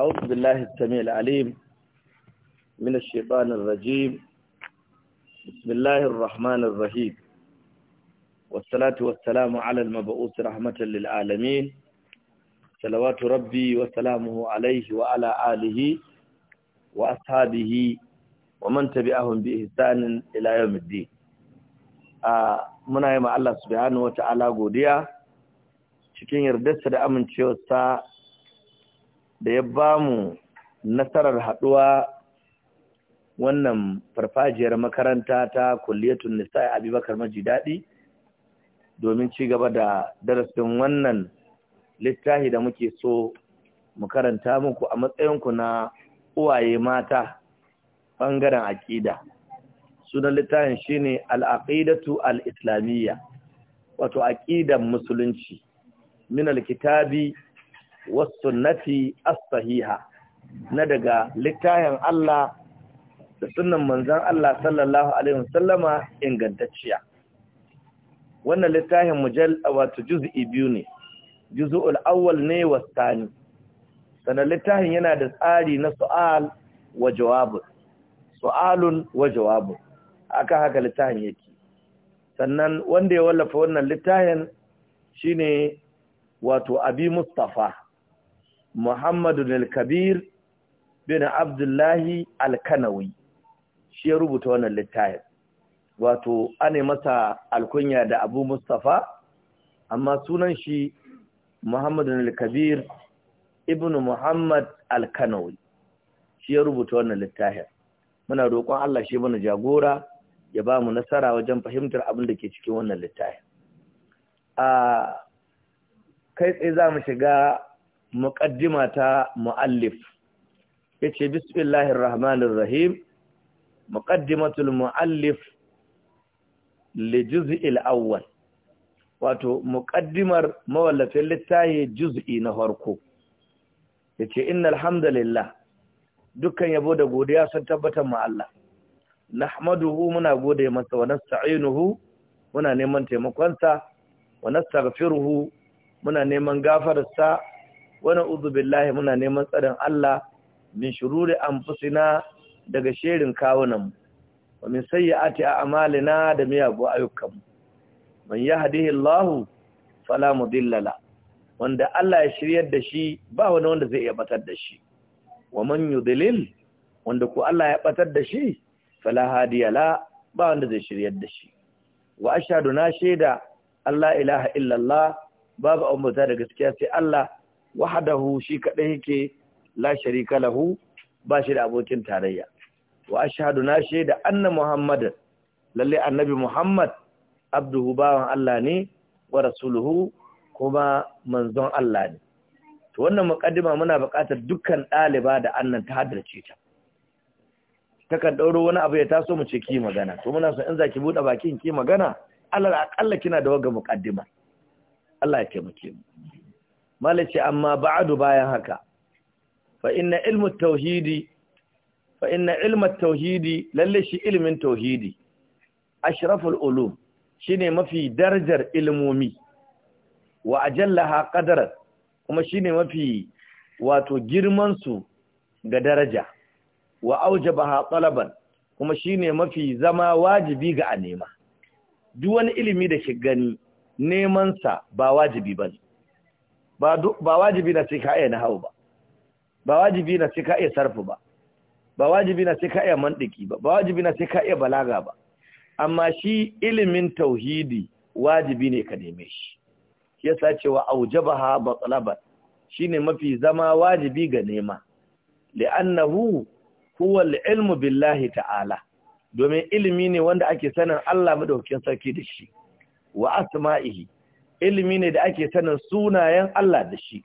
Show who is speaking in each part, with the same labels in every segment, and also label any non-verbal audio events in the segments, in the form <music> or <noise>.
Speaker 1: أعوذ بالله السميع العليم من الشيطان الرجيم بسم الله الرحمن الرحيم والصلاة والسلام على المبعوث رحمة للعالمين صلوات ربي وسلامه عليه وعلى آله وأصحابه ومن تبعهم بإحسان إلى يوم الدين muna yi ma Allah subhanahu wa ta'ala godiya cikin yardarsa da amincewarsa da ya ba mu nasarar haɗuwa wannan farfajiyar makaranta ta kulliyatun nisa'i abubakar maji daɗi domin ci gaba da darasin wannan littafi da muke so mu karanta muku a matsayinku na uwaye mata ɓangaren aƙida sunan littafin shine alaƙidatu al-islamiyya wato aƙidan musulunci min al Wasu as-sahiha na daga littafin Allah da sunan manzan Allah sallallahu alaihi wasallama ingantacciya wannan littafin mujal wato juz'i biyu ne juz'ul al'awwal ne wasani sanan littafin yana da tsari na su'al wa jawab su'alun wa jawab aka haka littafin yake sannan wanda ya wallafa wannan littafin ne wato abi mustafa Muhammadu al-Kabir bin Abdullahi al-Kanawi shi ya rubuta wannan littafin wato ana masa alkunya da Abu Mustafa amma sunan shi Muhammadu al-Kabir ibn Muhammad al-Kanawi shi ya rubuta wannan littafin muna roƙon Allah shi mana jagora ya ba mu nasara wajen fahimtar abin da ke cikin wannan littafin a kai tsaye za mu shiga muƙaddima ta mu'allif ya ce bismillahir rahmanir rahim muƙaddimatul mu'allif li juz'il awwal wato muƙaddimar mawallafin littafi juz'i na farko yace ce innal hamdalillah dukkan yabo da godiya sun tabbatar ma Allah nahmaduhu muna gode masa wa nasta'inuhu muna neman taimakonsa wa nastaghfiruhu muna neman gafararsa wani uzu billahi muna neman tsarin Allah min shururi anfusina daga sherin kawunan mu wa min sayyiati a'malina da miyagu ayyukan mu man Allah fala mudilla wanda Allah ya shiryar da shi ba wani wanda zai iya batar da shi wa man yudlil wanda ku Allah ya batar da shi fala hadiya la ba wanda zai shiryar da shi wa ashhadu na shaida Allah ilaha illallah babu ummata da gaskiya sai Allah wahadahu shi kadai yake la sharika lahu ba shi da abokin tarayya wa ashhadu na shaida anna muhammadan lalle annabi muhammad abduhu bawan Allah ne wa rasuluhu kuma manzon Allah ne to wannan muqaddima muna buƙatar dukkan ɗaliba da annan ta hadarce ta takan ɗauro wani abu ya taso mu ce ki magana to muna so in zaki bude buɗe bakin ki magana Allah akalla kina da waga muqaddima Allah ya taimake mu malace amma ba'adu bayan haka fa inna ilmu tauhidi fa inna ilmu tauhidi lalle shi ilmin tauhidi ashraful ulum shine mafi darajar ilmomi wa ajallaha qadara kuma shine mafi wato girman su ga daraja wa aujabaha talaban kuma shine mafi zama wajibi ga a nema duk wani ilimi da shi gani neman sa ba wajibi bane ba wajibi na sai ka iya nahawu ba ba wajibi na sai ka iya sarfu ba ba wajibi na sai ka iya mandiki ba ba wajibi na sai ka iya balaga ba amma shi ilimin tauhidi wajibi ne ka neme shi shi yasa cewa aujabaha matlaban shine mafi zama wajibi ga nema li'annahu huwa al-ilmu billahi ta'ala domin ilimi ne wanda ake sanin Allah madaukakin sarki da shi wa asma'ihi ilimi ne da ake sanin sunayen Allah da shi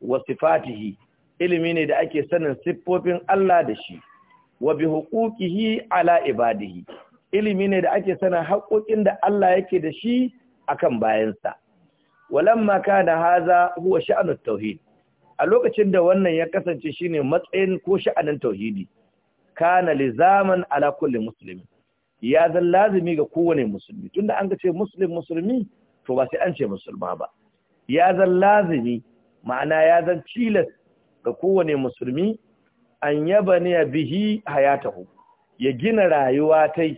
Speaker 1: wa sifatihi ilimi ne da ake sanin siffofin Allah da shi wa bi huquqihi ala ibadihi ilimi ne da ake sanin haƙoƙin da Allah yake da shi akan bayansa walamma kana haza huwa sha'anar tauhid a lokacin da wannan ya kasance shine matsayin ko sha'anin tauhidi kana lizaman ala kulli muslimin ya zan lazimi ga kowane musulmi tunda an ga ce muslim musulmi to ba sai an ce musulma ba ya zan lazimi ma'ana ya zan cilas ga kowane musulmi an yaba ne bihi hayatahu ya gina rayuwa tai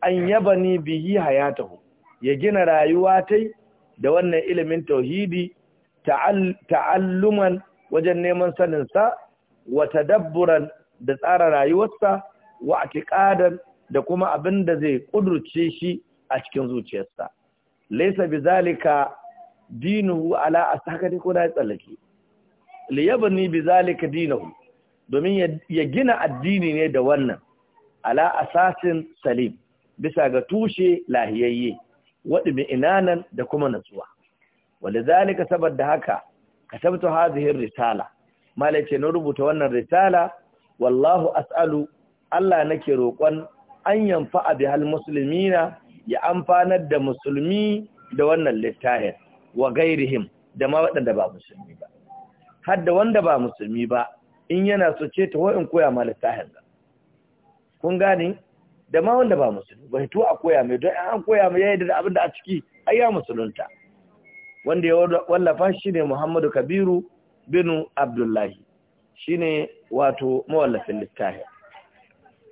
Speaker 1: an yaba ne bihi hayatahu ya gina rayuwa tai da wannan ilimin tauhidi ta'alluman wajen neman saninsa wa tadabburan da tsara rayuwarsa wa atiqadan da kuma abin da zai kudurce shi a cikin zuciyarsa laisa bizalika dinuhu ala asakati ko da tsallake bi bizalika dinuhu domin ya gina addini ne da wannan ala asasin salim bisa ga tushe lahiyayye wadi bi inanan da kuma natsuwa walizalika da haka katabtu hadhihi risala malace na rubuta wannan risala wallahu as'alu Allah nake roƙon an yanfa'a bi hal muslimina ya amfanar da musulmi da wannan littafin wa gairihim da ma waɗanda ba musulmi ba har wanda ba musulmi ba in yana so ce ta in koya ma littafin ga kun gane da ma wanda ba musulmi ba to a koya mai don an koya mai yayin da abin da a ciki ai ya musulunta wanda ya wallafa shi ne Muhammadu Kabiru binu Abdullahi shine wato mawallafin littafin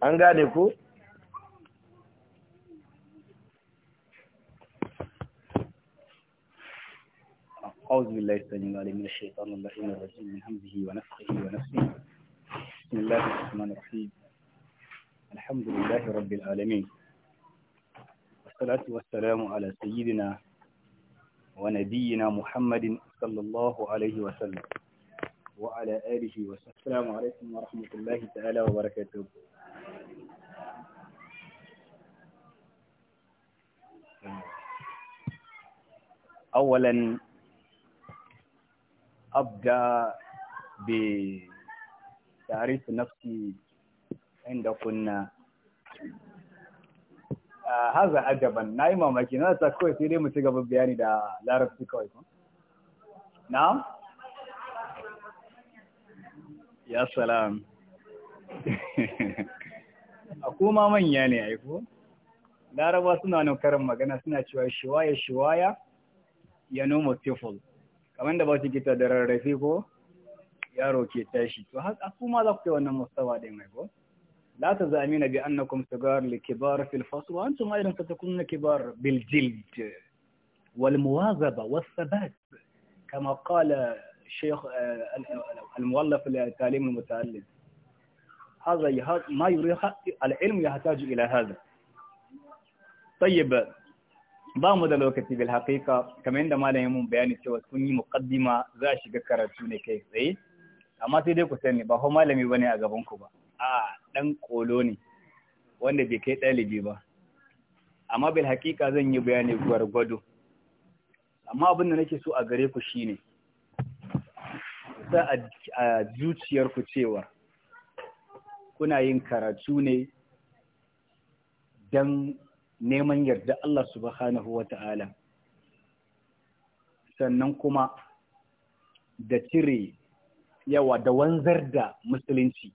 Speaker 1: an gane ko
Speaker 2: أعوذ بالله السميع العليم من الشيطان اللعين الرجيم من همزه ونفخه ونفسه بسم الله الرحمن الرحيم الحمد لله رب العالمين والصلاة والسلام على سيدنا ونبينا محمد صلى الله عليه وسلم وعلى آله وسلم السلام عليكم ورحمة الله تعالى وبركاته أولا أبدأ بتعريف نفسي عند كنا haza ajaban na yi mamaki na ta kawai sai dai mu ci gaba bayani da سلام kawai kun na ya salam a kuma manya ne aiko laraba suna nukarin magana suna cewa shiwaya ya nomo tiful kamar da ba su kita da rarrafe ko yaro ke tashi to har ku ma za ku yi wannan mustawa dai mai ko la ta zamina bi annakum sugar li kibar fil fasl wa antum ayran satakunna kibar bil jild wal muwazaba was sabat kama qala الشيخ المؤلف لتعليم المتعلم هذا ما يريد العلم يحتاج إلى هذا طيب ba mu da lokaci bil haƙiƙa kamar yadda malamin mun bayani cewa sun yi muqaddima za a shiga karatu ne kai tsaye amma sai dai ku sani ba ko malami bane a gaban ku ba a dan kolo ne wanda bai kai ɗalibi ba amma bil haƙiƙa zan yi bayani gwargwado amma abin da nake so a gare ku shine sa a zuciyar ku cewa kuna yin karatu ne dan neman yarda Allah subhanahu wa ta'ala sannan kuma da cire yawa da wanzar da musulunci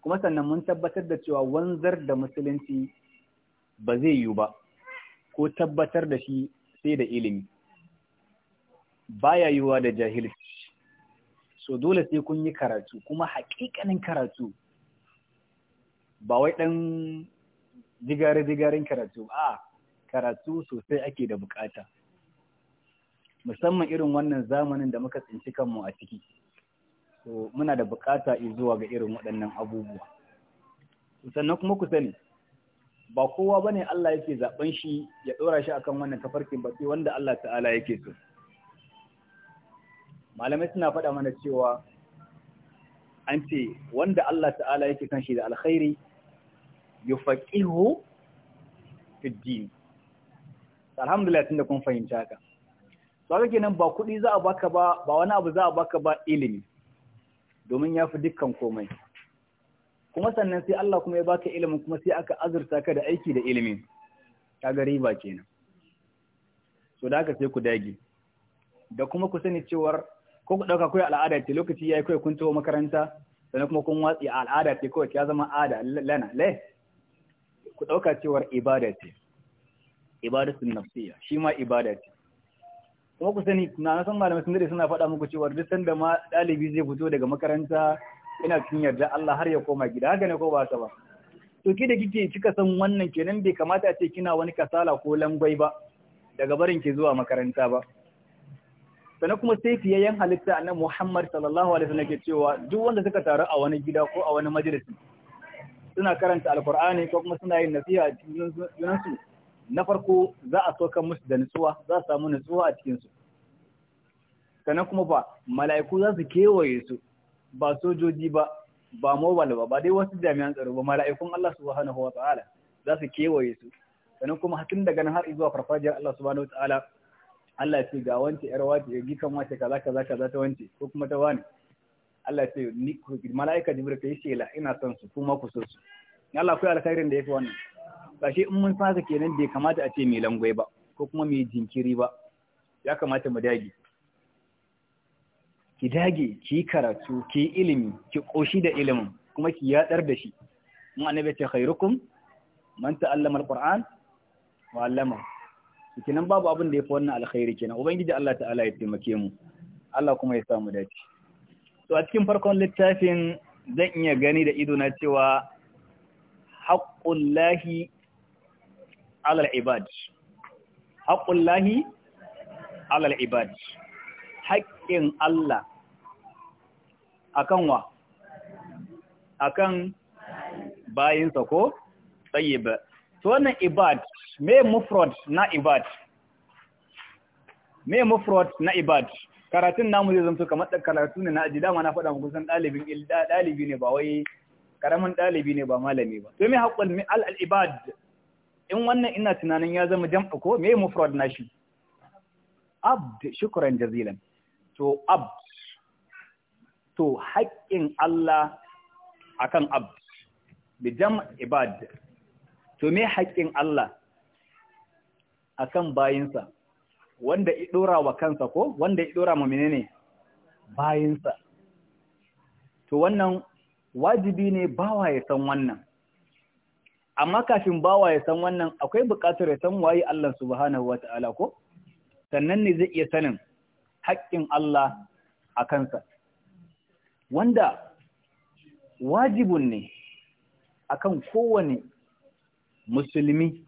Speaker 2: kuma sannan mun tabbatar da cewa wanzar da musulunci ba zai yiwu ba ko tabbatar da shi sai da ilimi baya yiwuwa da jahilci so dole sai kun yi karatu kuma haƙiƙanin karatu ba wai ɗan jigare-jigaren karatu a karatu sosai ake da bukata musamman irin wannan zamanin da muka tsinci kanmu a ciki so muna da bukata zuwa ga irin waɗannan abubuwa sannan kuma ku sani ba kowa bane Allah yake zaben shi ya ɗora shi akan wannan tafarkin ba sai wanda Allah ta'ala yake so malamai suna faɗa mana cewa an ce wanda Allah ta'ala yake kan shi da alkhairi yufaqihu fi din alhamdulillah tunda kun fahimta ka haka kenan ba kuɗi za a baka ba ba wani abu za a baka ba ilimi domin ya fi dukkan komai kuma sannan sai Allah kuma ya baka ilimin kuma sai aka azurta ka da aiki da ilimi ka ga riba kenan so da haka sai ku dage da kuma ku sani cewar ko ku dauka koyi al'ada ce lokaci yayi koyi kun taho makaranta sannan kuma kun watsi al'ada ce kawai ya zama ada lana le ku ɗauka cewar ibada ce ibadatun nafsiya shi ma ibada ce kuma ku sani na san malamai sun dade suna faɗa muku cewa duk sanda ma ɗalibi zai fito daga makaranta ina cikin yarda Allah har ya koma gida haka ne ko ba ta ba to ki da kike kika san wannan kenan bai kamata a ce kina wani kasala ko langwai ba daga barin ki zuwa makaranta ba sannan kuma sai fiyayyen halitta annabi Muhammad sallallahu alaihi wasallam ke cewa duk wanda suka taru a wani gida ko a wani majalisi suna karanta alkur'ani ko kuma suna yin nasiha a cikin junansu na farko za a so kan musu da nutsuwa za su samu nutsuwa a cikinsu sannan kuma ba mala'iku za su kewaye su ba sojoji ba ba mobile ba ba dai wasu jami'an tsaro ba mala'ikun Allah subhanahu wa ta'ala za su kewaye su sannan kuma hakin daga nan har zuwa farfajiyar Allah subhanahu wa ta'ala Allah ya ce ga wance yar wace ya gikan wace kaza kaza kaza ta wance ko kuma ta wani Allah ce ni malaika jibril ta yi shela ina son su kuma ku so su Allah kai alkhairin da yafi wannan ba in mun fasa kenan bai kamata a ce mai langwai ba ko kuma mai jinkiri ba ya kamata mu dage ki dage ki karatu ki ilimi ki koshi da ilimin kuma ki yadar da shi mun annabi ce khairukum man ta'allama alquran wa 'allama Kenan babu abin da yafi wannan alkhairi kenan ubangiji Allah ta'ala ya taimake mu Allah kuma ya sa mu dace to a cikin farkon littafin zan iya gani da idona cewa haƙƙun lahi alal ibad haƙƙullahi alal ibad haƙƙin Allah akan wa akan sako ko ba to wannan ibad me mufrod na ibad me mufrod na ibad karatun namu zai zamto kamar da karatu ne na aji dama na faɗa muku san ɗalibin ɗalibi ne ba wai karamin ɗalibi ne ba malami ba to me mi al ibad in wannan ina tunanin ya zama jam'a ko me mufrad shi? abd shukran jazilan to abd to haƙƙin Allah akan abd bi jam' ibad to me haƙƙin Allah akan bayinsa wanda ya dora wa kansa ko wanda ya dora ma menene bayinsa to wannan wajibi ne bawa ya san wannan amma kafin bawa ya san wannan akwai buƙatar ya san waye Allah subhanahu wata'ala ko sannan ne zai iya sanin haƙƙin Allah a kansa wanda wajibin ne akan kowane musulmi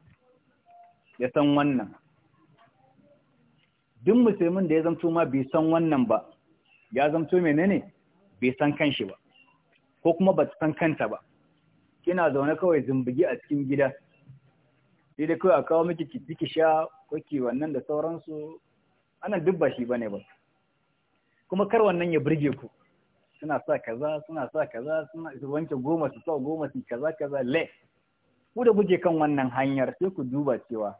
Speaker 2: ya san wannan duk musulmin da ya zamto ma bai san wannan ba ya zamto menene bai san kanshi ba ko kuma ba san kanta ba kina zaune kawai zumbigi a cikin gida sai dai kawai a kawo miki ki sha ko ki wannan da sauransu ana duk ba shi bane ba kuma kar wannan ya burge ku suna sa kaza suna sa kaza suna wanke goma su sa goma su kaza kaza le ku da buge kan wannan hanyar sai ku duba cewa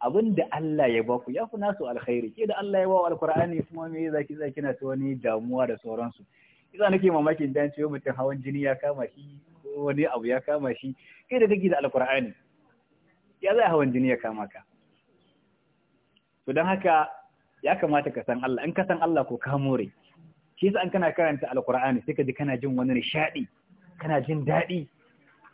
Speaker 2: abin da Allah ya ba ku ya fi nasu alkhairi ke da Allah ya ba wa alkur'ani kuma me za ki za na ta wani damuwa da sauransu idan nake mamakin dan ciwo mutum hawan jini ya kama shi ko wani abu ya kama shi kai da kake da alkur'ani ya za hawan jini ya kama ka to don haka ya kamata ka san Allah in ka san Allah ko ka more shi yasa an kana karanta alkur'ani sai ka ji kana jin wani nishadi kana jin daɗi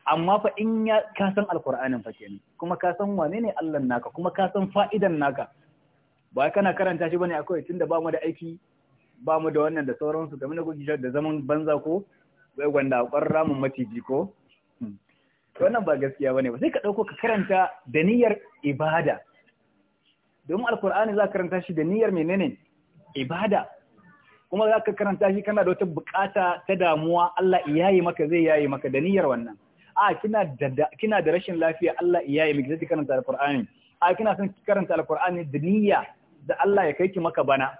Speaker 2: amma fa in ya ka san alkur'anin fa kenan kuma ka san wane ne Allah naka kuma ka san fa'idan naka ba kana karanta shi bane akwai tunda ba mu da aiki ba mu da wannan da sauransu game da kuke da zaman banza ko wai gwanda kwarra mun matiji ko hmm. wannan ba gaskiya bane ba sai ka dauko ka karanta da niyyar ibada domin alkur'ani za ka karanta shi da niyyar menene ibada kuma za ka karanta shi kana da wata bukata ta damuwa Allah iyaye maka zai yayi maka da niyyar wannan a kina da kina da rashin lafiya Allah yi miki zai karanta alqur'ani a kina son ki karanta alqur'ani da niyya da Allah ya kai ki maka bana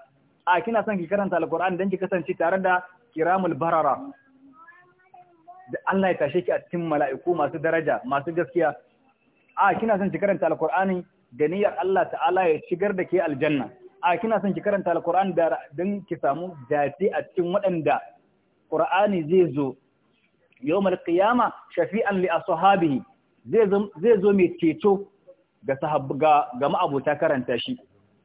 Speaker 2: a kina son ki karanta alqur'ani dan ki kasance tare da kiramul barara da Allah ya tashe ki a cikin mala'iku masu daraja masu gaskiya a kina son ki karanta alqur'ani da niyyar Allah ta'ala ya shigar da ke aljanna a kina son ki karanta alqur'ani don dan ki samu dace a cikin waɗanda qur'ani zai zo yawmal qiyama shafi'an li ashabihi zai zo mai ceto ga ga ma'abuta karanta shi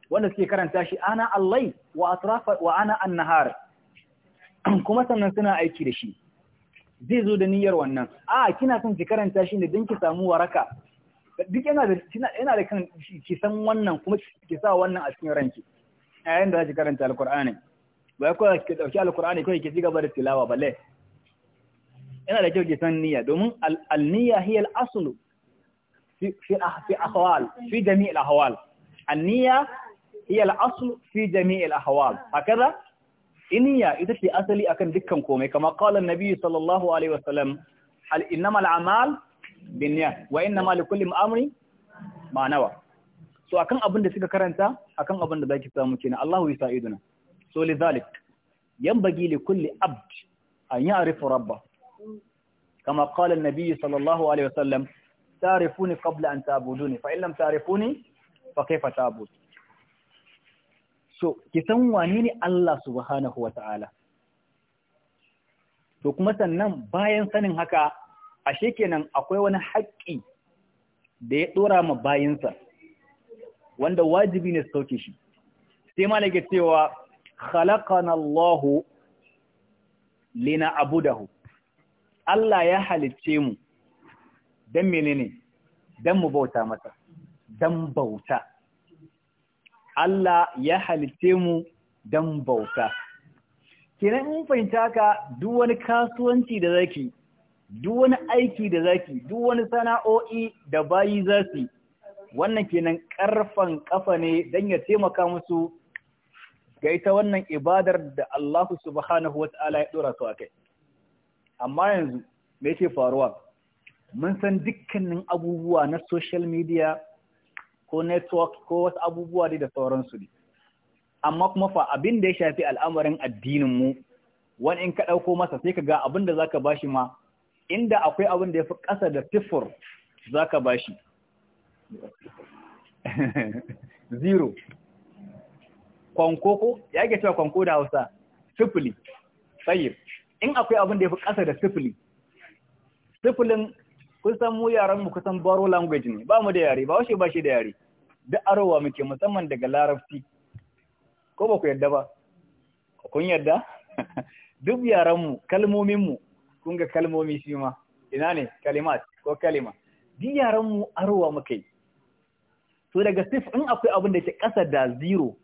Speaker 2: wanda suke karanta shi ana allai wa atrafa wa ana annahar <clears throat> kuma sannan suna aiki da shi zai zo da niyyar wannan a kina son ki karanta shi ne don ki samu waraka duk yana da yana da kan ki san wannan kuma ki sa wannan a cikin ranki yayin da za ki karanta alqur'ani ba ko ki dauki alqur'ani ko ki ci gaba da tilawa balle yana da kyau ki san niyya domin al-niyya hiya al-aslu fi fi ahwal fi jami' al-ahwal an-niyya hiya al-aslu fi jami' al-ahwal hakaza niyya ita ce asali akan dukkan komai kama qala an-nabi sallallahu alaihi wasallam al-innama al-a'mal binniyat wa innama likulli amrin ma nawa so akan abin da suka karanta akan abin da zaki samu kenan Allahu yusa'iduna so lidhalik yanbaghi likulli abd an ya'rifa rabbahu كما قال النبي صلى الله عليه وسلم تعرفوني قبل أن تعبدوني فإن لم تعرفوني فكيف تعبد so ki san Allah subhanahu wa ta'ala to kuma sannan bayan sanin haka ashe kenan akwai wani haƙƙi da ya ɗora ma bayinsa wanda wajibi ne su sauke shi sai malaka cewa khalaqana Allahu lina abudahu Allah ya halicce mu don menene don mu bauta masa don bauta Allah ya halicce mu don bauta kenan in fahimta ka duk wani kasuwanci da zaki duk wani aiki da zaki duk wani sana'o'i da bayi za su wannan kenan karfan kafa ne don ya taimaka musu ga ita wannan ibadar da Allah subhanahu wa ta'ala ya dora su a kai amma yanzu me yake faruwa mun san dukkanin abubuwa na social media ko network ko wasu abubuwa dai da sauransu ne amma kuma fa abin da ya shafi al'amarin addinin mu wani in ka ɗauko masa sai ka ga abin da zaka bashi ma inda akwai abin da ya fi ƙasa da tifur zaka bashi <laughs> zero kwankoko ya ke cewa kwanko da hausa sifili tsayir in akwai abin da ya fi ƙasa da sifili sifilin kun san mu yaran mu kusan baro language ne ba mu da yare ba washe ba shi da yare duk arowa muke musamman daga larabci ko ba ku yadda ba kun yadda <laughs> duk yaran mu kalmomin mu kun ga kalmomi shi ma ina ne kalimat ko kalima duk yaran mu arowa muke to daga sif in akwai abin da ke ƙasa da zero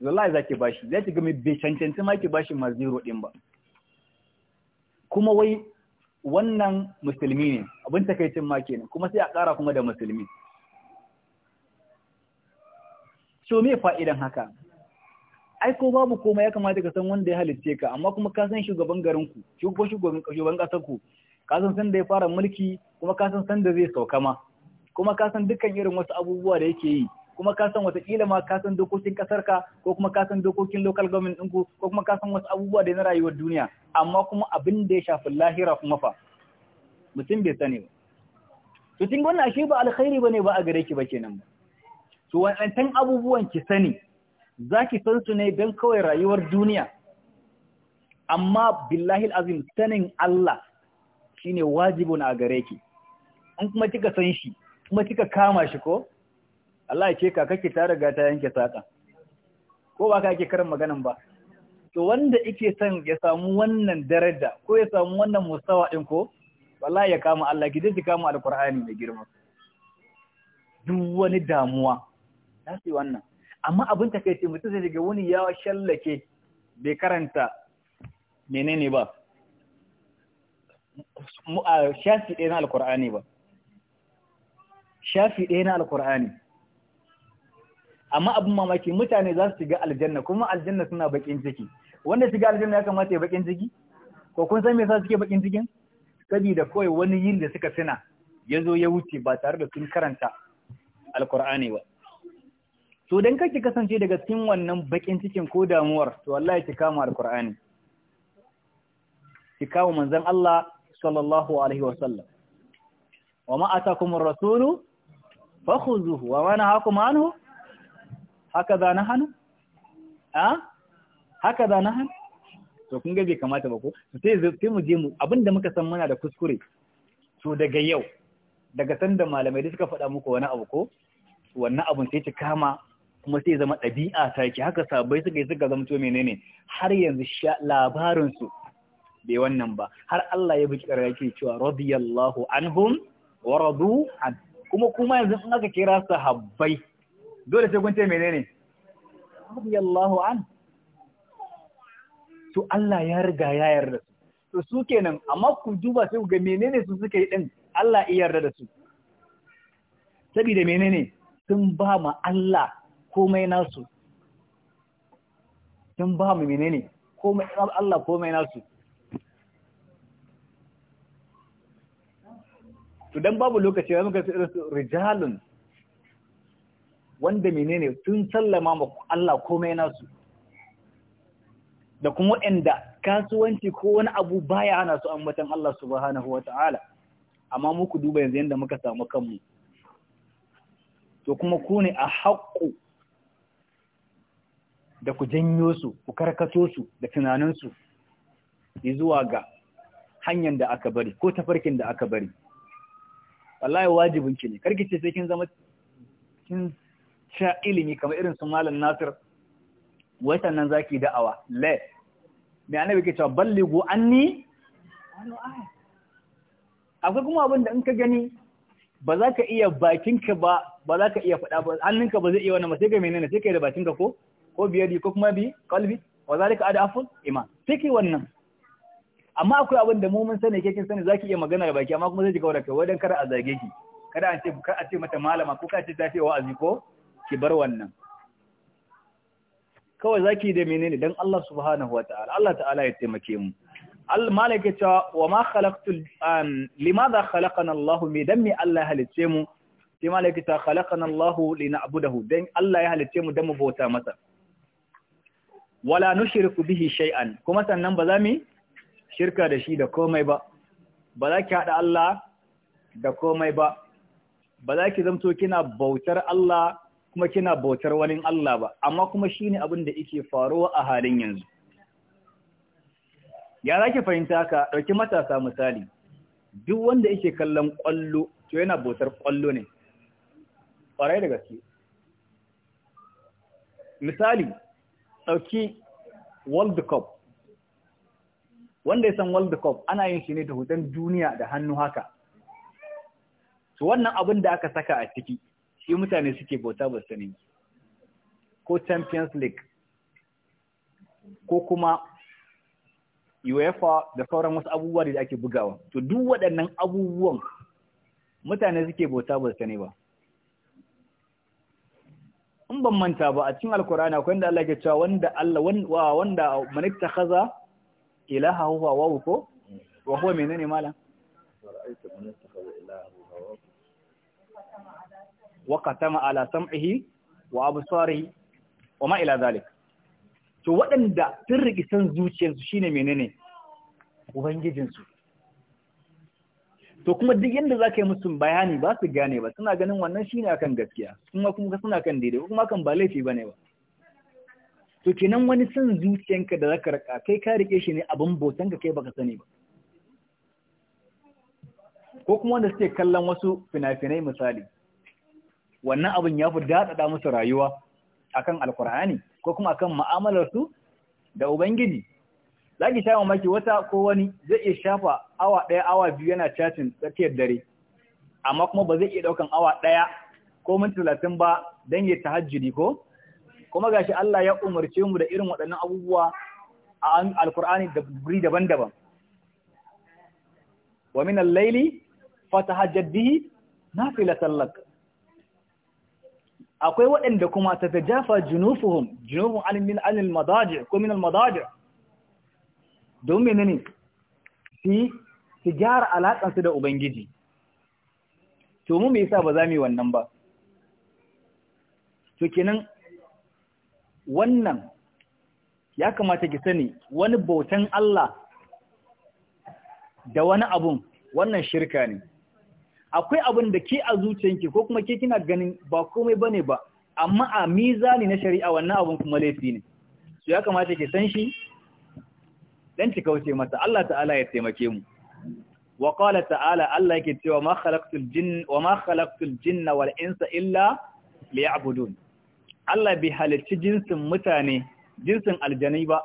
Speaker 2: wallahi zaki bashi zaki ga mai bai cancanci ma ki bashi ma zero din ba kuma wai wannan musulmi ne abin takaicin ma kenan kuma sai a ƙara kuma da musulmi so me fa'idan haka ai ko babu komai ya kamata ka san wanda ya halicce ka amma kuma ka san shugaban garin ku shugaban shugaban shugaban ku ka san sanda ya fara mulki kuma ka san sanda zai sauka ma kuma ka san dukkan irin wasu abubuwa da yake yi kuma ka san watakila ma ka san dokokin ka, ko kuma ka san dokokin local government ɗinku ko kuma ka san wasu abubuwa da na rayuwar duniya amma kuma abin da ya shafi lahira kuma fa mutum bai sani ba to kin wannan ashe ba alkhairi bane ba a gare ki ba kenan ba to wa'antan abubuwan ki sani zaki san su ne dan kawai rayuwar duniya amma billahi alazim sanin Allah shine wajibi a gare ki in kuma kika san shi kuma kika kama shi ko Allah ya ce ke ta riga ta yanke saƙa ko ba ka karin maganan ba to wanda yake son ya samu wannan daraja ko ya samu wannan musawa din ko wallahi ya kama Allah ki ji kama alqur'ani mai girma duk wani damuwa na sai wannan amma abin ta kai ce mutum zai daga wani ya shallake bai karanta menene ba shafi ɗaya na alqur'ani ba shafi ɗaya na alqur'ani amma abin mamaki mutane za su shiga aljanna kuma aljanna suna bakin ciki wanda shiga aljanna ya kamata ya bakin ciki ko kun san me yasa suke bakin cikin saboda kawai wani yin da suka tuna ya zo ya wuce ba tare da sun karanta alkur'ani ba to dan kake kasance daga cikin wannan bakin cikin ko damuwar to wallahi ki kama alkur'ani ki kawo manzon Allah sallallahu alaihi wasallam wa ma atakumur rasulu fakhuzuhu wa ma nahakum anhu haka za na hana? a haka za na hana? to kun ga bai kamata ba ko sai sai mu je mu abinda muka san muna da kuskure to daga yau daga sanda malamai da suka faɗa muku wani abu ko wannan abun sai ta kama kuma sai zama ɗabi'a ta ke. haka sabai suka yi suka to menene har yanzu labarin su bai wannan ba har Allah ya buki ƙarar yake cewa radiyallahu anhum wa radu an kuma kuma yanzu in aka kira sahabbai dole sai kun ce menene radiyallahu an to Allah ya riga ya yarda su to su kenan amma ku duba sai ku ga menene su suka yi din Allah ya yarda da su saboda menene sun ba mu Allah komai nasu sun ba mu menene komai Allah komai nasu to dan babu lokaci ya muka rijalun wanda menene tun sallama ma Allah komai nasu da kuma waɗanda kasuwanci ko wani abu baya hana su ambatan Allah subhanahu wata'ala amma muku duba yanzu yanda muka samu kanmu to kuma ku ne a haƙƙo da ku janyo su ku karkato su da tunaninsu zuwa ga hanyar da aka bari ko tafarkin da aka bari wallahi wajibin ki ne karki ce sai kin zama kin sha ilimi kamar irin su malam nasir watan nan zaki da'awa le me annabi ke cewa ballighu anni wani aya akwai kuma abin da in ka gani ba za ka iya bakinka ba ba za ka iya faɗa ba hannunka ba zai iya wannan ba sai ka menene sai kai da bakinka ko ko biyadi ko kuma bi kalbi wa zalika ada aful iman sai kai wannan amma akwai abin da mu mun sani ke kin sani zaki iya magana da baki amma kuma zai ji kawai kai wadan kar a zage ki kada an ce kar a ce mata malama ko ka ce ta ce wa'azi ko ki bar wannan kawai zaki da menene dan Allah subhanahu wataala Allah ta'ala ya taimake mu al-malik ta wa ma khalaqtul um, limadha khalaqana Allah mi dan Allah halice mu sai malik ta khalaqana Allah lina'budahu dan Allah ya halice mu dan mu bauta masa wala nushriku bihi shay'an kuma sannan ba za mu shirka da shi da komai ba ba za ki haɗa Allah da komai ba, ba za ki zamto kina bautar Allah kuma kina bautar wani Allah ba amma kuma shine abin da yake faruwa a halin yanzu ya zaki fahimta haka dauki matasa misali duk wanda yake kallon kwallo to yana bautar kwallo ne kwarai da gaske misali dauki World Cup wanda ya san World Cup ana yin shi ne da hutun duniya da hannu haka to wannan abin da aka saka a ciki shi mutane suke bauta ba sani ko champions league ko kuma UEFA da sauran wasu abubuwa da ake bugawa to duk waɗannan abubuwan mutane suke bauta ba sani ba in ban manta ba a cikin alkur'ani akwai wanda Allah ke cewa wanda Allah wanda manikta khaza ilaha huwa wa ko wa huwa menene malam wa على سمعه وابصاره وما الى wa ma ila to waɗanda sun riki san zuciyarsu shine menene ubangijinsu to kuma duk yadda za ka yi musu bayani ba su gane ba suna ganin wannan shine akan gaskiya kuma kuma suna kan daidai kuma kan ba laifi bane ba to kenan wani san zuciyanka da zaka raka kai ka rike shi ne abin bautan ka kai baka sani ba ko kuma wanda suke kallon wasu fina-finai misali wannan abin ya fi daɗaɗa musu rayuwa akan alkur'ani ko kuma akan mu'amalarsu da ubangiji za ki sha mamaki wata ko wani zai iya shafa awa ɗaya awa biyu yana cacin tsakiyar dare amma kuma ba zai iya ɗaukan awa ɗaya ko minti talatin ba don ya tahajjudi ko kuma gashi Allah ya umarce mu da irin waɗannan abubuwa a alkur'ani da guri daban-daban wa min al-laili fatahajjad bihi nafilatan lak akwai waɗanda kuma ta tajafa junufuhum junufun alimin alil madaji ko minal madaji don menene su su gyara alaƙansu da ubangiji to mu me sa ba za mu yi wannan ba to kenan wannan ya kamata ki sani wani bautan Allah da wani abun wannan shirka ne akwai abin da ke a zuciyanki ko kuma ke kina ganin ba komai bane ba amma a mizani na shari'a wannan abin kuma laifi ne Su ya kamata ki san shi dan ki kauce masa Allah ta'ala ya taimake mu wa qala ta'ala Allah yake cewa ma khalaqtul jin wa ma khalaqtul jinna wal insa illa liya'budun Allah bai halarci jinsin mutane jinsin aljani ba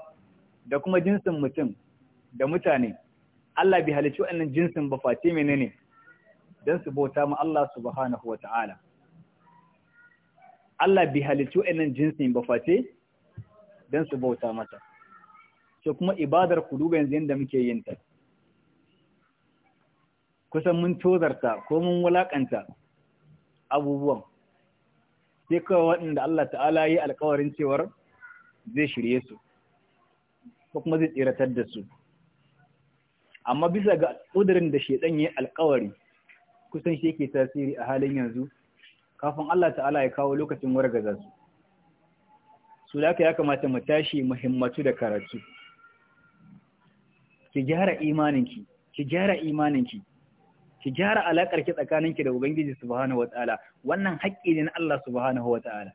Speaker 2: da kuma jinsin mutum da mutane Allah bai halarci wannan jinsin ba face ne. don su bauta ma Allah subhanahu wa ta'ala. Allah bi halittu ɗanen jinsin ba face don su bauta mata. Sai kuma ibadar ku duba yanzu yadda muke yin ta. Kusan mun tozarta ko mun wulaƙanta abubuwan. Sai kawai waɗanda Allah ta'ala ya yi alkawarin cewar zai shirye su, ko kuma zai tseratar da su. Amma bisa ga ƙudurin da shi ya alkawari kusan shi yake tasiri a halin yanzu kafin Allah ta'ala ya kawo lokacin wargaza su su da ya kamata mu tashi muhimmatu da karatu ki gyara imaninki ki gyara imaninki ki gyara alakar ki tsakaninki da ubangiji subhanahu wataala wannan haƙƙi ne na Allah subhanahu wataala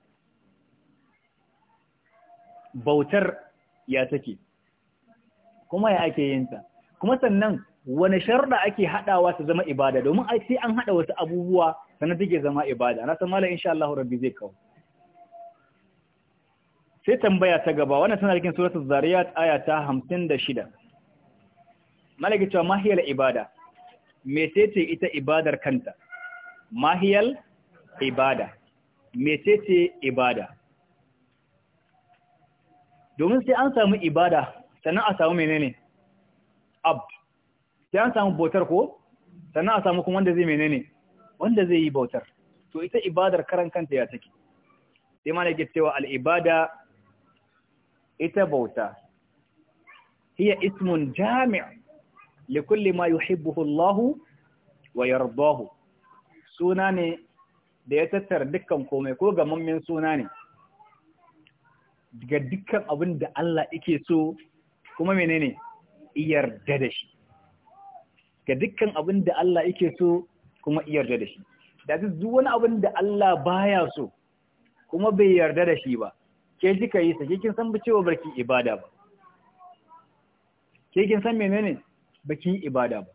Speaker 2: bautar ya take kuma ya ake yin ta kuma sannan wani sharɗa ake haɗawa su zama ibada domin ai sai an haɗa wasu abubuwa sannan ke zama ibada na san malam insha Allah rabbi zai kawo sai tambaya ta gaba wannan tana cikin suratul zariyat aya ta 56 malaka cewa mahiyal ibada mecece ita ibadar kanta mahiyal ibada mecece ibada domin sai an samu ibada sannan a samu menene abu sai an samu bautar ko sannan a samu kuma wanda zai menene wanda zai yi bautar to ita ibadar karan kanta ya take sai mana yake cewa al'ibada ita bauta hiya ismun jami' li kulli ma yuhibbuhu Allah wa yardahu suna ne da ya tattara dukkan komai ko ga gamammen suna ne ga dukkan abin da Allah yake so kuma menene yarda da shi ga dukkan abin da Allah yake so kuma yarda da shi da duk wani abin da Allah baya so kuma bai yarda da shi ba ke ji ka yi sa ke kin san cewa barki ibada ba ke kin san menene baki ibada ba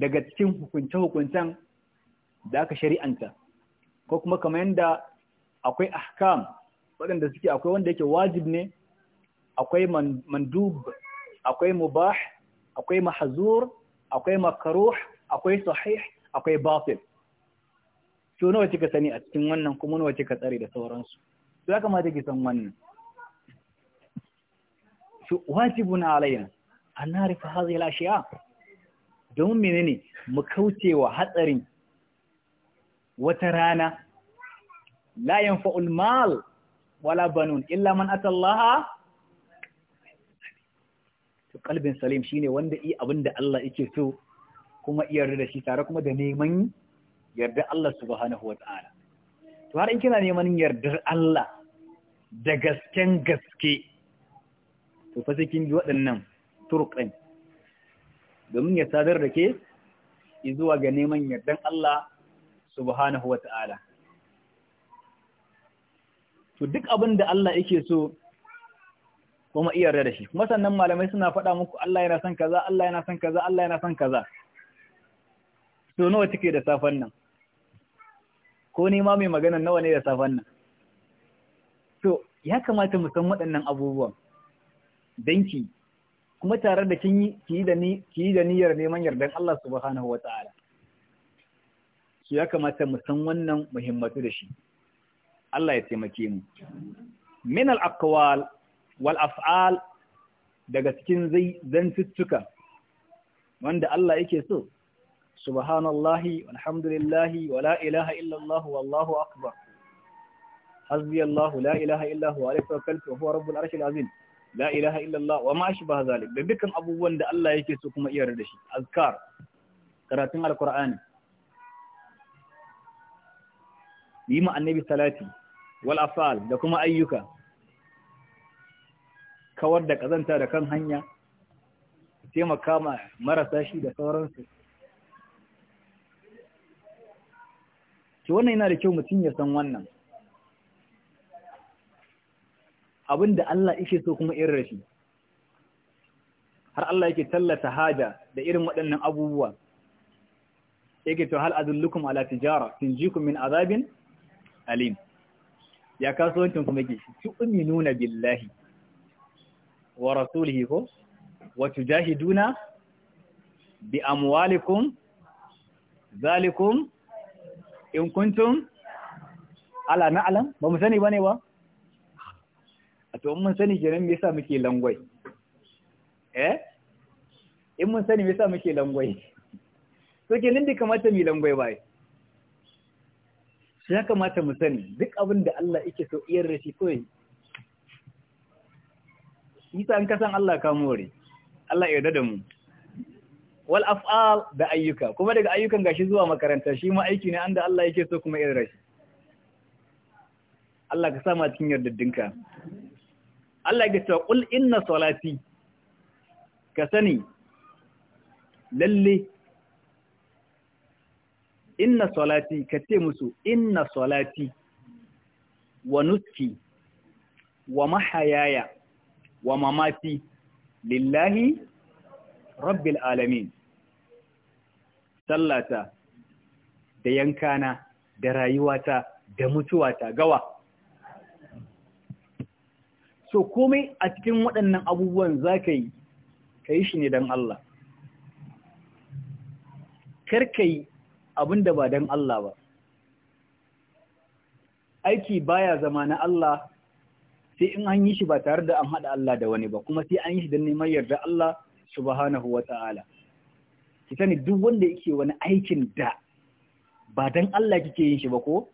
Speaker 2: daga cikin hukunce-hukuncen da aka shari'anta ko kuma kamar yadda akwai ahkam waɗanda suke akwai wanda yake wajib ne akwai mandub akwai mubah akwai mahzur akwai makaruh akwai sahih akwai batil to nawa kika sani a cikin wannan kuma nawa kika tsare da sauransu to ya kamata ki san wannan to wajibun alaina an narifa hadhihi al-ashiya don menene mu wa hatsarin wata rana la yanfa'ul mal wala banun illa man atallaha kalbin salim shine wanda yi abin da Allah yake so kuma yarda da shi tare kuma da neman yarda Allah subhanahu wa to har in kina neman yardar Allah da gasken gaske to fa sai kin bi waɗannan turqan domin ya sadar da ke zuwa ga neman yardan Allah subhanahu wa to duk abin da Allah yake so kuma iya da shi kuma sannan malamai suna faɗa muku Allah yana son kaza Allah yana son kaza Allah yana son kaza to nawa kike da safan nan ko ni ma mai magana nawa ne da safan nan to ya kamata mu san waɗannan abubuwan danki kuma tare da kin yi ki da ni ki da niyyar neman yardan Allah subhanahu wataala shi ya kamata mu san wannan muhimmatu da shi Allah ya taimake mu min al-aqwal wal af'al daga cikin zan zantuttuka wanda Allah yake so subhanallahi walhamdulillahi wa la'ilaha illallah wallahu akbar hasbi La'ilaha illahu ilaha illa huwa alayhi tawakkaltu wa huwa rabbul arshil azim La'ilaha ilaha illallah wa ma ashbaha zalik da dukkan abubuwan da Allah yake so kuma iya da shi azkar karatun alqur'ani yi ma annabi salati wal afal da kuma ayyuka kawar da kazanta da kan hanya taimaka ma marasa shi da sauransu ki wannan yana da kyau mutum ya san wannan abin da Allah yake so kuma irin rashi har Allah yake tallata haja da irin waɗannan abubuwa yake to hal adullukum ala tijara tunjikum min azabin alim ya kasuwancin kuma yake tu'minuna billahi wa rasulihi ko wa tujahiduna bi amwalikum zalikum in kuntum ala na'lam ba mu sani bane ba a to mun sani kenan me yasa muke langwai eh in mun sani me yasa muke langwai <laughs> to kenan da kamata mu langwai bai sai kamata mu sani duk abin da Allah yake so iyar da shi kawai isa an kasan Allah ka more Allah ya yarda da mu wal af'al da ayyuka kuma daga ayyukan gashi zuwa makaranta shi ma aiki ne anda Allah yake so kuma irin rashi Allah ka sa ma cikin yardaddinka Allah ya ce qul inna salati ka sani lalle inna salati ka ce musu inna salati wa nuski wa mahayaya wa mamati lillahi rabbil alamin sallata da yankana da rayuwata da mutuwata gawa so komai a cikin waɗannan abubuwan za ka yi ka yi shi ne don Allah karka yi abin da ba don Allah ba aiki baya zama na Allah sai in an yi shi ba tare da an haɗa Allah da wani ba kuma sai an yi shi don neman yarda Allah subhanahu wa ta'ala ki sani duk wanda yake wani aikin da ba dan Allah kike yin shi ba ko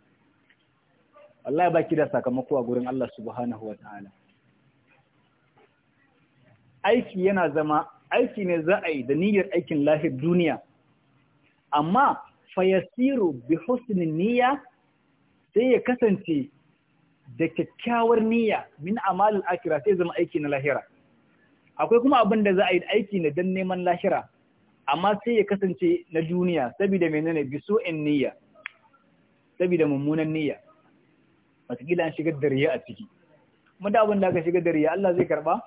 Speaker 2: Allah ba ki da sakamako a gurin Allah subhanahu wa ta'ala aiki yana zama aiki ne za a yi da niyyar aikin lafiyar duniya amma fayasiru bi husnin niyya sai ya kasance da kyakkyawar niyya min amalul akira sai zama aiki na lahira akwai kuma abin da za a yi aiki na dan neman lahira amma sai ya kasance na duniya saboda menene biso in niyya saboda mummunan niyya gida an shigar da riya a ciki kuma da abin da aka shigar da riya Allah zai karba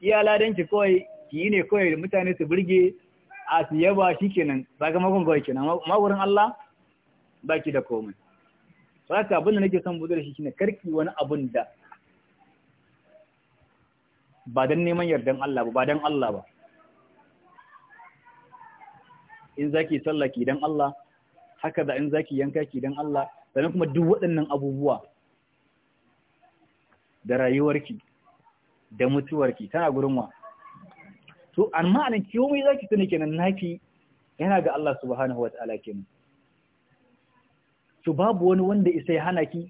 Speaker 2: iya ki kawai ki yi ne kawai mutane su burge a su yaba shikenan sakamakon kawai kenan amma wurin Allah baki da komai Saka abin da nake son buɗe da shi shine karki wani abun da ba don neman yardan Allah ba ba don Allah ba in zaki sallah ki dan Allah haka da in zaki yanka ki dan Allah sannan kuma duk waɗannan abubuwa da rayuwarki da mutuwarki tana gurin wa to amma anan kiyo mai zaki tuna kenan naki yana ga Allah subhanahu ta'ala kenan to babu wani wanda isa ya hana ki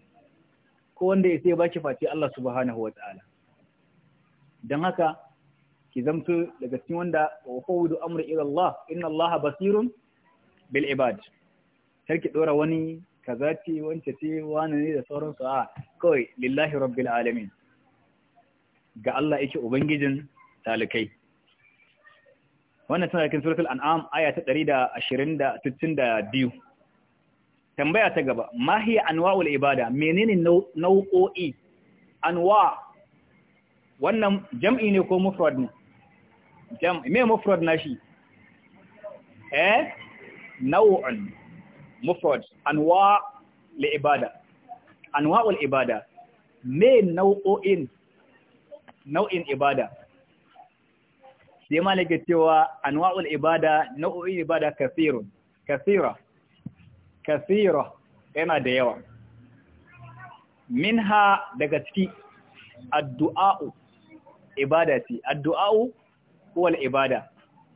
Speaker 2: ko wanda isa ya baki face Allah subhanahu wa ta'ala don haka ki zamto daga cikin wanda wa fawudu amri ila Allah inna Allah basirun bil ibad ki dora wani kaza ce wance ce wani ne da sauransu a kawai lillahi rabbil alamin ga Allah yake ubangijin talikai wannan tana cikin suratul an'am aya ta biyu. tambaya ta gaba mahiya anwa'ul ibada menene nau'o'i anwa wannan jam'i ne ko mufrad ne jam'i me mufrad nashi eh nau'un mufrad anwa li ibada anwa'ul ibada me nau'o'in nau'in ibada sai malaka cewa anwa'ul ibada nau'o'in ibada kathirun kathira kasira yana da yawa minha daga ciki addu'a'u ibada ce addu'a'u wal ibada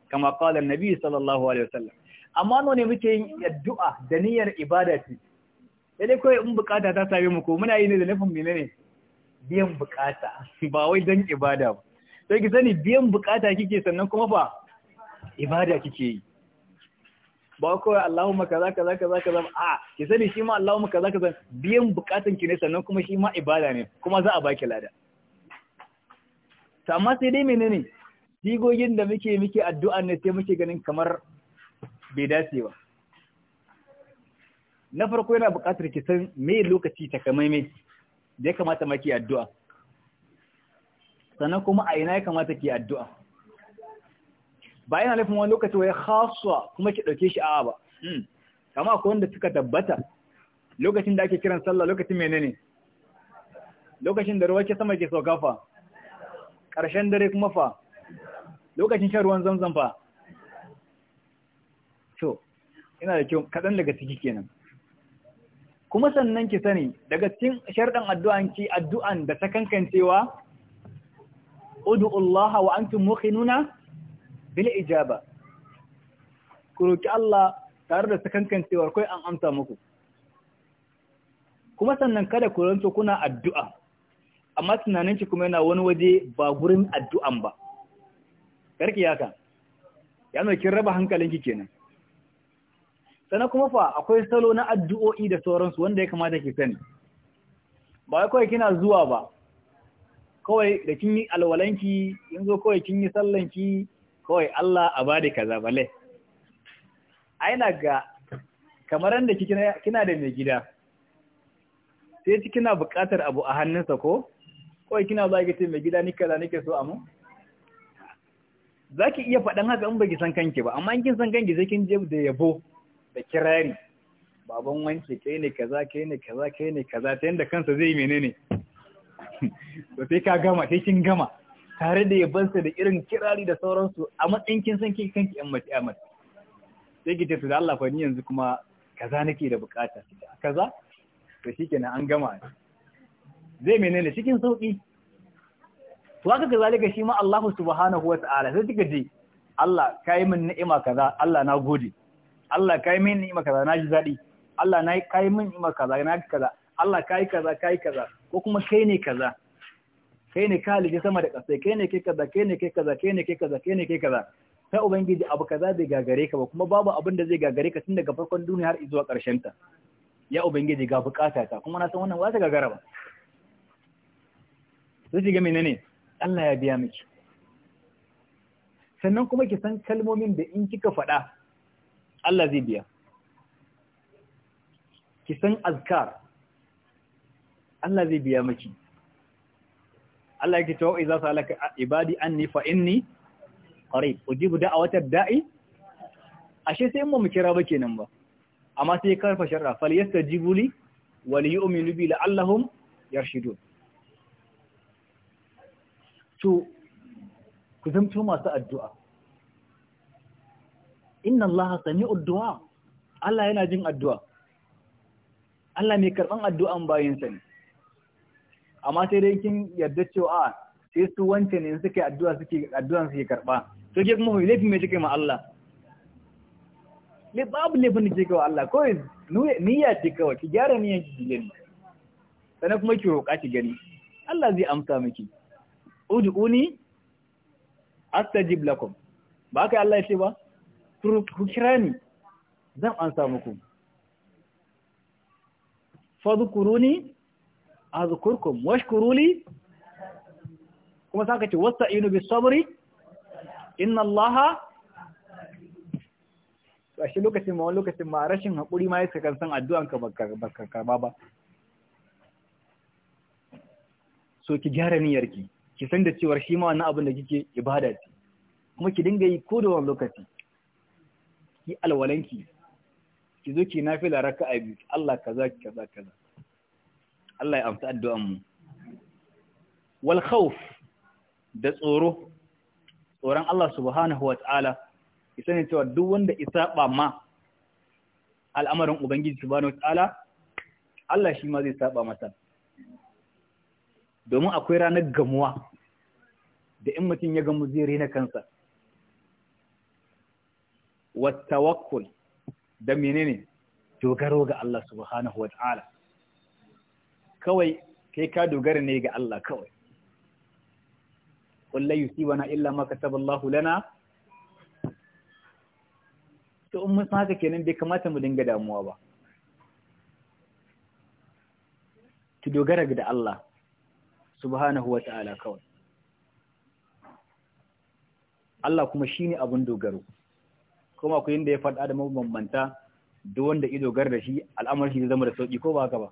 Speaker 2: kama qala nabi sallallahu alaihi wasallam amma no ne muke yin addu'a da niyyar ibada ce dai kawai in bukata ta sami mu ko muna yi ne da nufin menene biyan bukata ba wai don ibada ba sai ki sani biyan bukata kike sannan kuma fa ibada kike yi ba kawai Allahumma kaza kaza kaza kaza a ki sani shi ma Allahumma kaza kaza biyan bukatun ki ne sannan kuma shi ma ibada ne kuma za a baki lada amma sai dai menene sigogin da muke muke addu'a ne sai muke ganin kamar bai dace ba na farko yana bukatar ki san me lokaci takamaimai da ya kamata maki addu'a sannan kuma a ina ya kamata ki addu'a ba yana laifin wani lokaci wai khaswa kuma ki dauke shi a'a ba hmm. kama akwai wanda suka tabbata lokacin da ake kiran sallah lokacin menene lokacin da ruwan ke sama ke sauka fa ƙarshen dare kuma fa lokacin shan ruwan zamzam fa to ina da kyau kaɗan daga ciki kenan kuma sannan ki sani daga cikin sharɗan addu'an ki addu'an da ta kankancewa Allah wa antum muqinuna bil ijaba ku roki Allah tare da sakankancewar kai an amsa muku kuma sannan kada ku ranto kuna addu'a amma tunanin ki kuma yana wani waje ba gurin addu'an ba karki yaka mai kin raba hankalin ki kenan sannan kuma fa akwai salo na addu'o'i da sauransu wanda ya kamata ki sani ba kawai kina zuwa ba kawai da kin yi alwalanki yanzu kawai kin yi sallanki kawai Allah a bada kaza bale aina ga kamar da kina da mai gida sai ci kina buƙatar abu a hannunsa ko kawai kina za ki ce mai gida ni kaza nike so a mu za ki iya faɗan haka in baki san kanki ba amma in kin san kanki sai kin je da yabo da kirari baban wanke kai ne kaza kai ne kaza kai ne kaza ta yadda kansa zai menene Ba <laughs> sai ka gama sai kin gama tare da yabansa da irin kirari da sauransu a matsayin kin san kin kanki yan mace amat sai ki tafi da Allah fa ni yanzu kuma kaza nake da bukata kaza to shikenan an gama zai menene cikin sauki to haka kazalika shi ma Allah subhanahu wata'ala sai kika ji Allah kai min ni'ima kaza Allah na gode Allah kai min ni'ima kaza na ji zadi. Allah na kai min ni'ima kaza na kaza Allah kai kaza kai kaza ko kuma kai ne kaza kai ne ka halice sama da ƙasai kai ne kai kaza kai ne kai kaza kai ne kai kaza kai ne kai kaza sai ubangiji abu kaza bai gagare ka ba kuma babu abin da zai gagare ka tun daga farkon duniya har zuwa ƙarshen ta ya ubangiji ga bukata ta kuma na san wannan ba ta gagara ba sai shiga menene Allah ya biya miki sannan kuma ki san kalmomin da in kika faɗa Allah zai biya ki san azkar Allah zai biya miki Allah yake cewa idza salaka ibadi anni fa inni qarib ujibu da'awata da'i ashe sai mu kira ba kenan ba amma sai karfa sharra fal yastajibu li wa li yu'minu bi la'allahum yarshidun to ku zamto masu addu'a inna Allah sami'ud addu'a. Allah yana jin addu'a Allah mai karban addu'an bayin sa ne amma sai dai kin yarda cewa a sai su wance ne suke addu'a suke addu'an suke karba to ke kuma laifin mai kike ma Allah le babu laifin da kike kawo Allah ko niyya ce kawai ki gyara niyyan ki gani sannan kuma ki roƙa ki gani Allah zai amsa miki ud'uni astajib lakum ba kai Allah ya ce ba ku kira ni zan amsa muku fadhkuruni azkurkum washkuruli kuma saka ce wasta'inu bis sabri
Speaker 1: inna allaha
Speaker 2: shi lokacin ma lokacin ma rashin hakuri ma yake kan san addu'an ka baka karba ba so ki gyara niyyarki ki san da cewa shi ma wannan abin da kike ibada ce kuma ki dinga yi ko da wani lokaci ki alwalanki ki zo ki nafila raka'a biyu Allah kaza kaza kaza Allah ya amsa addu'an wal khawf da tsoro tsoron Allah subhanahu wa ta'ala isa ne cewa duk wanda isa ba ma al'amarin Ubangiji subhanahu wa ta'ala Allah shi ma zai saba masa domin akwai ranar gamuwa da in mutum ya gamu zai rena kansa wata wakul da menene dogaro ga Allah subhanahu wa ta'ala kawai kai ka dogara ne ga Allah kawai qul yusi wana illa ma kataballahu lana to in mun haka kenan bai kamata mu dinga damuwa ba ki dogara ga Allah subhanahu wa ta'ala kawai Allah kuma shine abun dogaro kuma akwai inda ya faɗa da mabambanta duk wanda ido dogara da shi al'amarin shi zama da sauki ko ba haka ba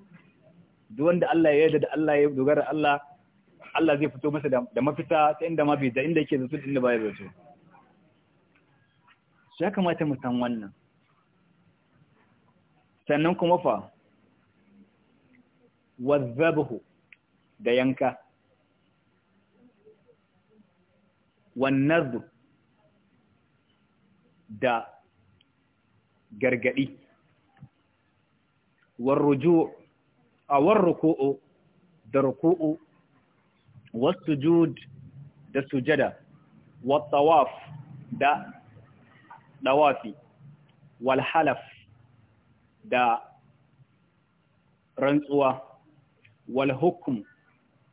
Speaker 2: duk wanda Allah ya yarda da Allah ya dogara Allah Allah zai fito masa da mafita ta inda ma da inda yake zato da inda baya zato ya kamata mu san wannan sannan kuma fa wazzabhu da yanka wannazu da gargadi warruju Awar ruku'u da ruku'u wasujud da sujada wa tawaf da dawafi walhalaf da rantsuwa wal hukum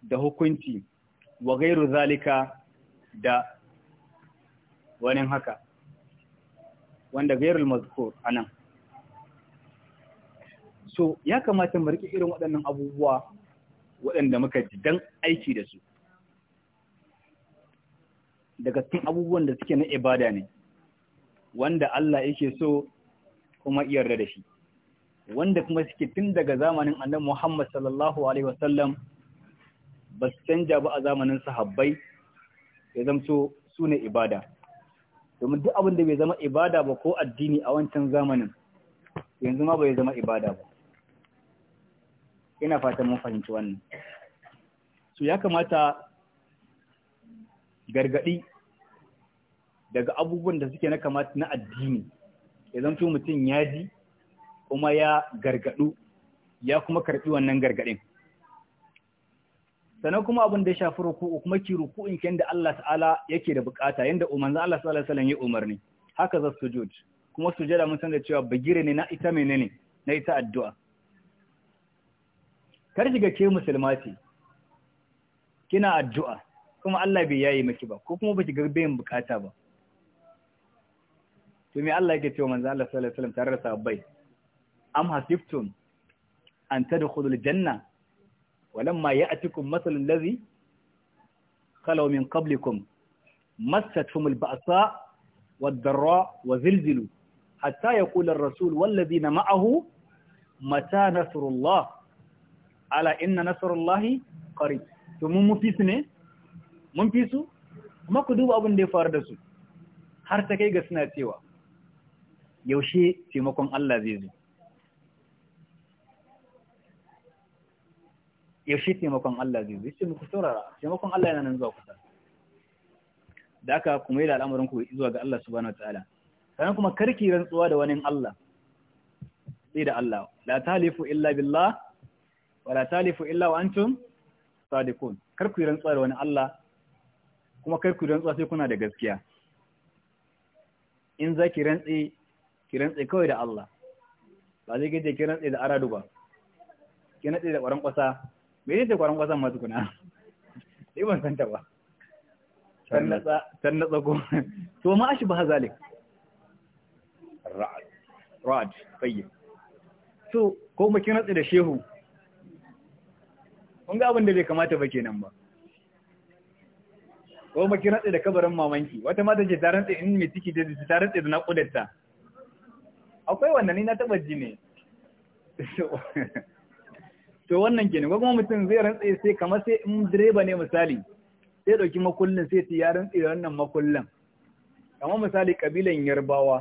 Speaker 2: da hukunci wa gairu zalika da wani haka wanda gairul mazkur anan So ya kamata mu rike irin waɗannan abubuwa waɗanda muka ji dan aiki da su daga cikin abubuwan da suke na ibada ne wanda Allah yake so kuma yarda da shi wanda kuma suke tun daga zamanin annabi Muhammad sallallahu alaihi wasallam ba su canja ba a zamanin sahabbai ya zamto su ne ibada domin duk abin da bai zama ibada ba ko addini a wancan zamanin yanzu ma bai zama ibada ba ina fatan mun fahimci wannan so ya kamata gargaɗi daga abubuwan da suke na kamata na addini ya zamto mutum ya ji kuma ya gargadu ya kuma karbi wannan gargaɗin? sannan kuma abin da ya shafi ruku'u kuma ki ruku'in kin da Allah ta'ala yake da bukata yanda umarni Allah sallallahu alaihi wasallam ya umarni haka za sujud kuma sujada mun san da cewa bagire ne na ita menene na ita addu'a kar shiga ke musulma ce kina addu'a kuma Allah bai yayi maki ba ko kuma baki ga bayin bukata ba to me Allah yake cewa manzo Allah sallallahu alaihi wasallam tare da sahabbai am hasiftum an tadkhulul janna walamma ya'tikum mathalul ladhi khalaw min qablikum massatuhumul ba'sa wad-dharra wa zilzilu hatta yaqula ar-rasul wal ladina ma'ahu mata nasrullah ala inna nasarullahi qarib to mun mufi su mun fi su amma ku duba abin da ya faru da su har ta kai ga suna cewa yaushe taimakon Allah zai zo yaushe taimakon Allah zai zo sai muku saurara taimakon Allah yana nan zuwa kusa da aka kuma yi da al'amarin ku zuwa ga Allah subhanahu wataala sannan kuma karki rantsuwa da wani Allah sai da Allah la talifu illa billah wala talifu illa wa antum sadiqun kar ku yi da wani Allah kuma kar ku yi sai kuna da gaskiya in za ki rantsi ki rantsi kawai da Allah ba zai gaje ki rantsi da aradu ba ki rantsi da ƙwaron ƙwasa me ne da ƙwaron ƙwasan ma tukuna sai <laughs> ban santa ba tannatsa tannatsa ko <laughs> to ma ashi ba zalik ra'ad ra'ad tayyib to ko mu ki rantsi da shehu kun ga abin da bai kamata ba kenan ba ko ba ki rantsa da kabarin mamanki wata mata ce ta rantsa in mai ciki da ta rantsa da naƙudarta akwai wannan ni na taba ji ne to wannan ke ne, ko kuma mutum zai rantsa sai kamar sai in direba ne misali sai dauki makullin sai ta ya rantsa da wannan makullin kamar misali kabilan yarbawa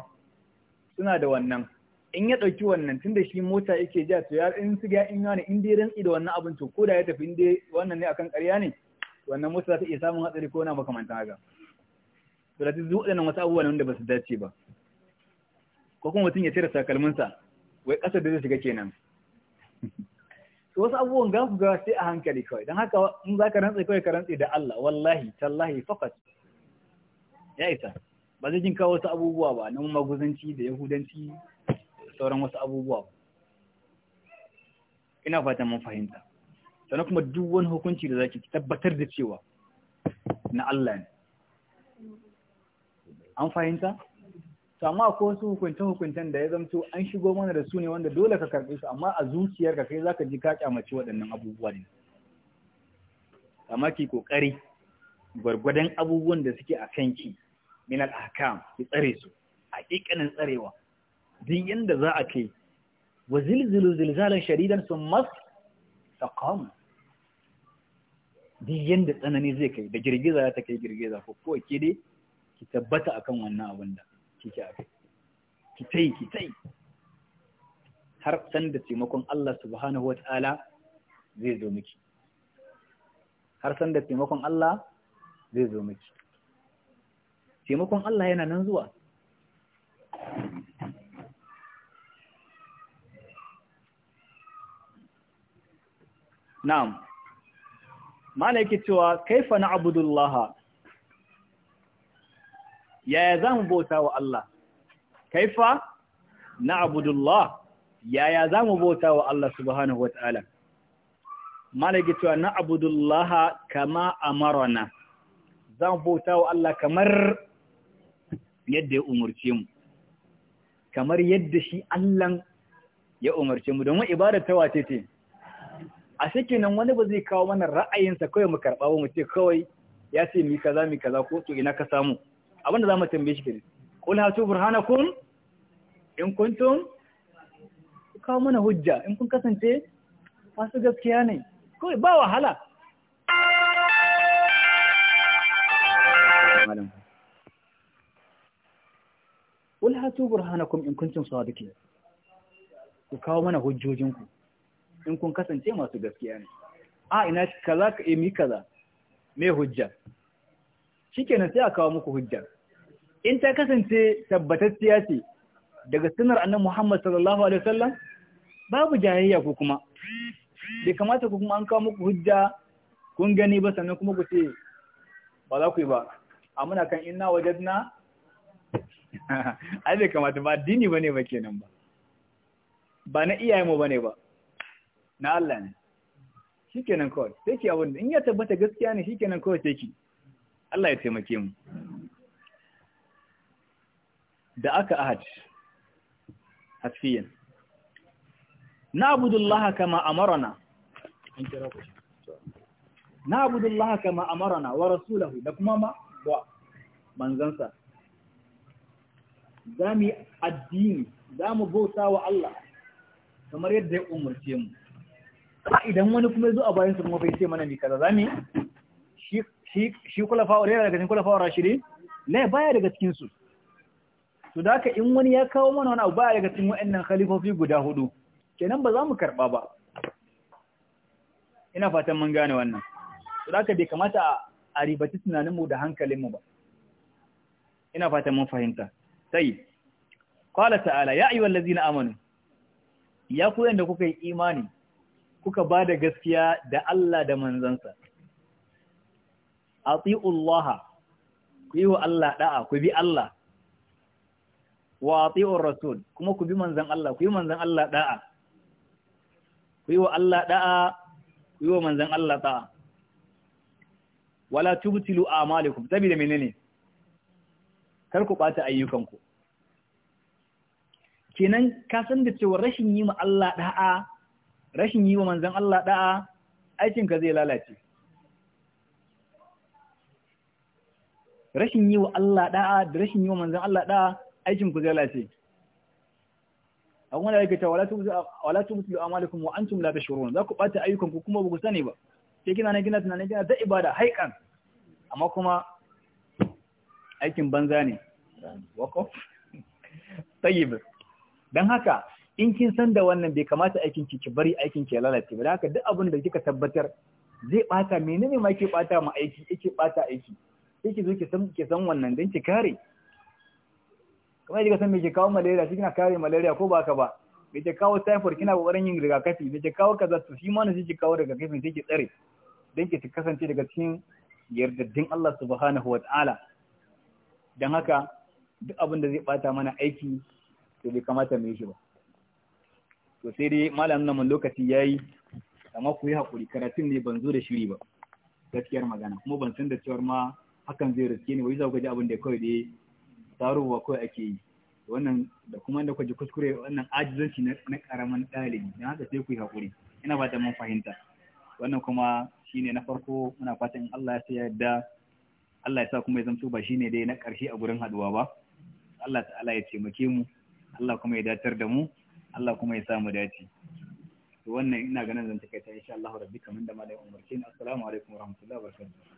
Speaker 2: suna da wannan in ya ɗauki wannan tunda shi mota yake ja to ya in su ga in yana in dai rantsi da wannan abin to ko da ya tafi in dai wannan ne akan ƙarya ne wannan mota za ta iya samun hatsari ko na makamantan haka to da duk waɗannan wasu abubuwa ne wanda ba su dace ba ko kuma mutum ya cire sakalminsa. wai ƙasar da zai shiga kenan <laughs> to wasu abubuwan ga ku ga sai a hankali kawai don haka in za ka rantsi kawai ka rantsi da Allah wallahi tallahi fakat ya isa ba zai jin kawo wasu abubuwa ba na maguzanci da yahudanci sauran wasu abubuwa ba ina fatan mun fahimta sannan kuma duk wani hukunci da zaki tabbatar da cewa na Allah ne an fahimta to amma ko wasu hukunta hukuntan da ya zamto an shigo mana da su ne wanda dole ka karɓe su amma a zuciyarka kai zaka ji ka kyamaci waɗannan abubuwa ne amma ki kokari gwargwadon abubuwan da suke a kanki min al-ahkam ki tsare su haƙiƙanin tsarewa din yanda za a kai wa zilzilu zilzalan sharidan sun mas taqam din yanda tsanani zai kai da girgiza ya ta kai girgiza ko kowa ke dai ki tabbata a kan wannan abin da kike a kai ki yi ki yi har san da taimakon Allah subhanahu ta'ala zai zo miki har san da taimakon Allah zai zo miki taimakon Allah yana nan zuwa na'am mala yake cewa kaifa na abudullah yaya za mu bauta wa Allah kaifa na abudullah yaya za mu bauta wa Allah subhanahu wa ta'ala mala yake cewa na abudullah kama amarana za mu bauta wa Allah kamar yadda ya umurce mu kamar yadda shi Allah ya umarce mu domin ibada ta wace ce a nan wani ba zai kawo mana ra'ayinsa kawai mu karɓa ba mu ce kawai ya ce mi kaza mi kaza ko to ina ka samu abin da za mu tambaye shi kenan qul hatu burhanakum in kuntum ku kawo mana hujja in kun kasance masu gaskiya ne kawai ba wahala qul hatu burhanakum in kuntum sadiqin ku kawo mana hujjojinku in kun kasance masu gaskiya ne a ina kaza ka eh, mi kaza me hujja shikenan sai a kawo muku hujja in ta kasance tabbatacciya ce daga sunar annabi Muhammad sallallahu alaihi wasallam babu jahiyya ku kuma bai kamata ku kuma an kawo muku hujja kun gani ba sannan kuma ku ce ba za ku yi ba a muna kan inna wajadna <laughs> ai bai kamata ba addini bane ba kenan ba ba na iyayenmu bane ba na Allah ne shikenan kawai sai abin in ya tabbata gaskiya ne shikenan kawai sai Allah ya taimake mu da aka ahad hasfiyan na'budullaha kama amarna na'budullaha kama marana wa rasulahu da kuma ma wa manzansa za mu yi addini za mu bauta wa Allah kamar yadda ya umarce mu a idan wani kuma zo a bayan su kuma bai ce mana mi kaza zami shi shi kula fa ore daga cikin kula fa wa rashidi ne baya daga cikin su to da haka in wani ya kawo mana wani abu baya daga cikin wa'annan khalifofi guda hudu kenan ba za mu karba ba ina fatan mun gane wannan to da haka bai kamata a ribaci tunaninmu da hankalinmu ba ina fatan mun fahimta sai qala ta'ala ya ayyuhallazina amanu ya ku yanda kuka yi imani kuka ba da gaskiya da Allah da manzansa. Ati'ullaha, ku yi wa Allah ɗa'a, ku bi Allah, wa ati'ur rasul, kuma ku bi manzan Allah, ku yi manzan Allah ɗa'a, ku yi wa Allah ɗa'a, ku yi wa manzan Allah ɗa'a. Wala tubtilu amalikum, saboda menene? Kar ku ɓata ayyukanku. Kenan ka san da cewa rashin yi ma Allah ɗa'a rashin yi wa manzan Allah ɗa'a aikinka zai lalace. Rashin yi wa Allah ɗa'a da rashin yi wa manzan Allah ɗa'a aikinku zai lalace. A kuma da yake ta wala tu mutu amalikum wa antum la tashurun za ku ɓata ayyukanku kuma ba ku sani ba. Sai kina nan gina tunanin gina da ibada haikan amma kuma aikin banza ne. Wakof. <laughs> Tayyib. Don haka in kin san da wannan bai kamata aikin ki ki bari aikin ki ya lalace ba haka duk abin da kika tabbatar zai bata menene ma ke bata ma aiki yake bata aiki sai ki zo ki san ki san wannan dan ki kare kamar yadda san me ke kawo malaria shi kina kare malaria ko ba ka ba me ke kawo typhoid kina kokarin yin rigakafi me ke kawo kaza to shi ma ne ki kawo rigakafi sai ki tsare dan ki kasance daga cikin yardaddin Allah subhanahu wa ta'ala dan haka duk abin da zai bata mana aiki to bai kamata mu yi shi ba to sai dai malam nan mun lokaci yayi amma ku yi hakuri karatun ne ban zo da shiri ba gaskiyar magana kuma ban san da cewar ma hakan zai riske ni wai za ku ji abin da kawai dai tarowa kawai ake yi wannan da kuma da kwaji kuskure wannan ajizanci na karaman ɗalibi na haka sai ku yi hakuri ina da mun fahimta wannan kuma shine na farko muna fatan Allah ya yarda Allah ya sa kuma ya zamto ba shine dai na ƙarshe a gurin haduwa ba Allah ta'ala ya taimake mu Allah kuma ya datar da mu Allah kuma ya samu dace to wannan ina ganin zan ta insha Allah rabbi kaman da malai umarci assalamu alaikum warahmatullahi wabarakatuh